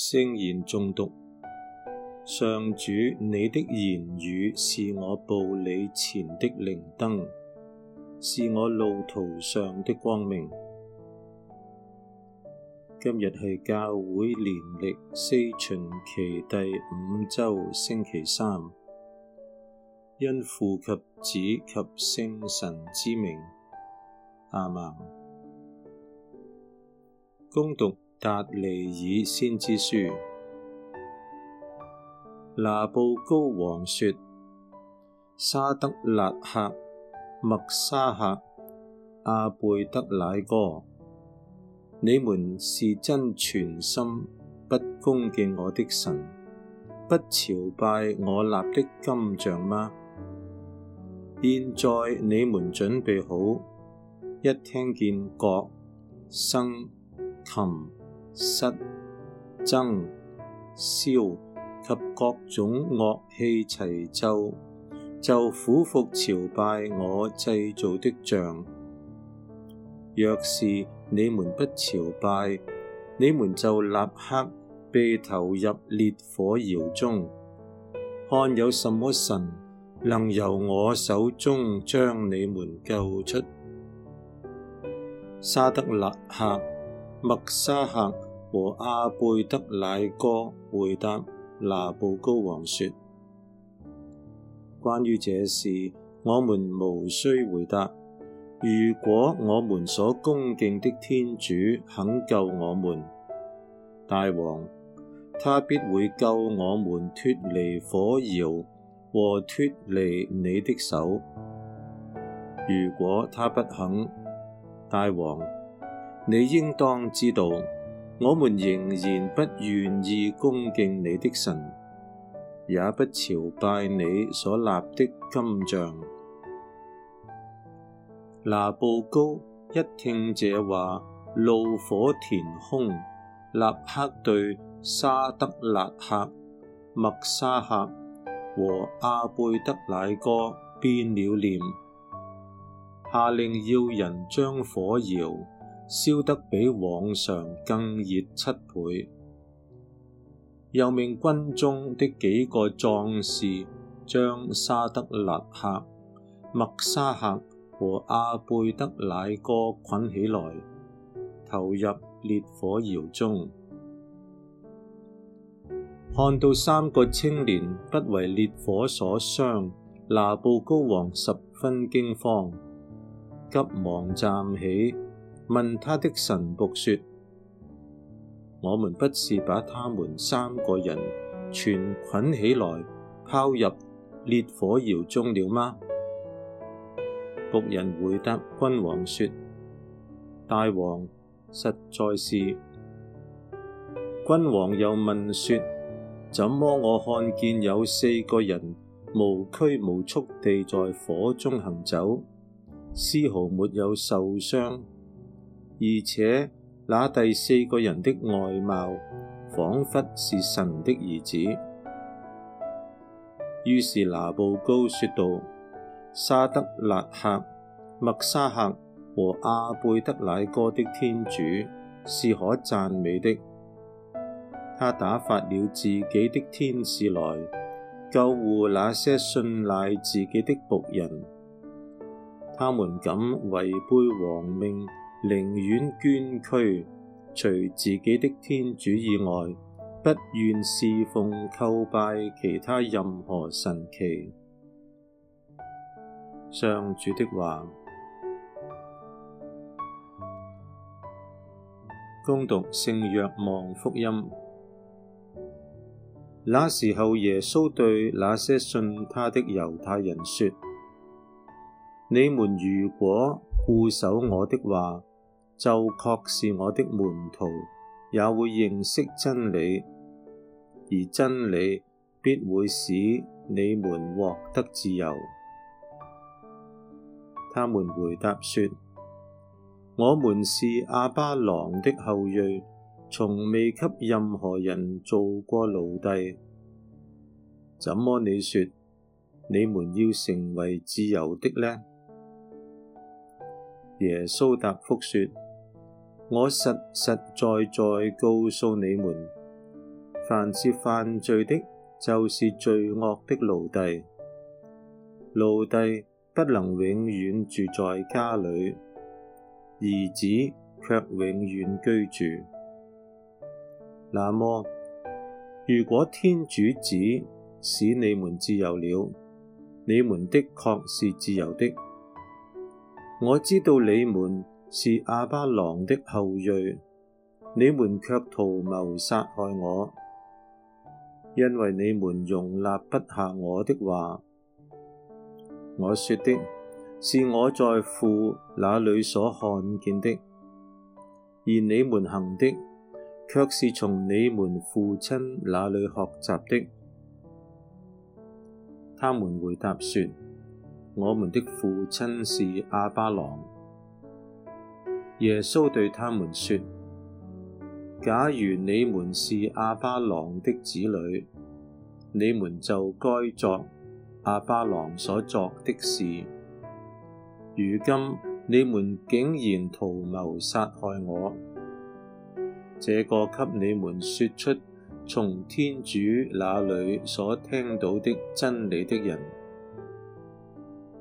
聖言誦讀，上主，你的言語是我步你前的靈燈，是我路途上的光明。今日係教會年曆四旬期第五周星期三，因父及子及聖神之名，阿門。恭讀。達尼爾先知書，拿步高王說：沙得辣客、默沙客、阿貝得乃哥，你們是真存心不恭敬我的神，不朝拜我立的金像嗎？現在你們準備好，一聽見角、笙、琴。瑟、箏、簫及各種樂器齊奏，就俯伏朝拜我製造的像。若是你們不朝拜，你們就立刻被投入烈火窯中。看有什麼神能由我手中將你們救出？沙得辣客、默沙客。和阿貝得乃哥回答拿步高王說：關於這事，我們無需回答。如果我們所恭敬的天主肯救我們，大王，他必會救我們脫離火窯和脫離你的手。如果他不肯，大王，你應當知道。我們仍然不願意恭敬你的神，也不朝拜你所立的金像。拿步高一聽這話，怒火填胸，立刻對沙得辣客、默沙客和阿貝得乃哥變了臉，下令要人將火窯。燒得比往常更熱七倍，又命軍中的幾個壯士將沙得辣客、默沙客和阿貝得乃哥捆起來，投入烈火窯中。看到三個青年不為烈火所傷，拿步高王十分驚慌，急忙站起，問他的臣僕說：我們不是把他們三個人全捆起來，拋入烈火窯中了嗎？僕人回答君王說：大王，實在是。君王又問說：怎麼我看見有四個人無拘無束地在火中行走，絲毫沒有受傷？而且那第四個人的外貌仿佛是神的兒子，於是拿步高說道：沙得辣客、默沙客和阿貝得乃哥的天主是可讚美的，他打發了自己的天使來救護那些信賴自己的僕人，他們敢違背王命。寧願捐軀，除自己的天主以外，不願事奉叩,叩拜其他任何神祇。上主的話：，恭讀聖若望福音。那時候，耶穌對那些信他的猶太人說：，你們如果固守我的話，就確是我的門徒，也會認識真理，而真理必會使你們獲得自由。他們回答說：我們是亞巴郎的後裔，從未給任何人做過奴隸，怎麼你說你們要成為自由的呢？耶穌答覆說。我實實在在告訴你們，凡是犯罪的，就是罪惡的奴隸。奴隸不能永遠住在家裏，兒子卻永遠居住。那麼，如果天主子使你們自由了，你們的確是自由的。我知道你們。是亞巴郎的後裔，你們却圖謀殺害我，因為你們容納不下我的話。我說的，是我在父那裏所看見的，而你們行的，却是從你們父親那裏學習的。他們回答說：我們的父親是亞巴郎。耶穌對他們說：假如你們是亞巴郎的子女，你們就該作亞巴郎所作的事。如今，你們竟然圖謀殺害我，這個給你們說出從天主那裏所聽到的真理的人，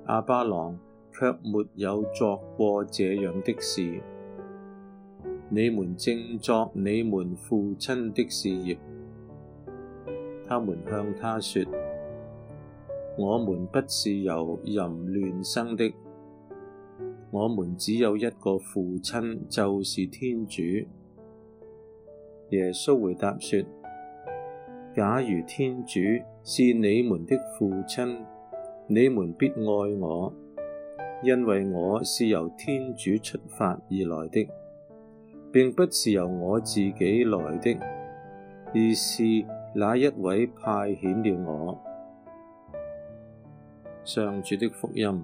亞巴郎。卻沒有作過這樣的事。你們正作你們父親的事業。他們向他說：我們不是由淫亂生的，我們只有一個父親，就是天主。耶穌回答說：假如天主是你們的父親，你們必愛我。因為我是由天主出發而來的，並不是由我自己來的，而是那一位派遣了我。上主的福音。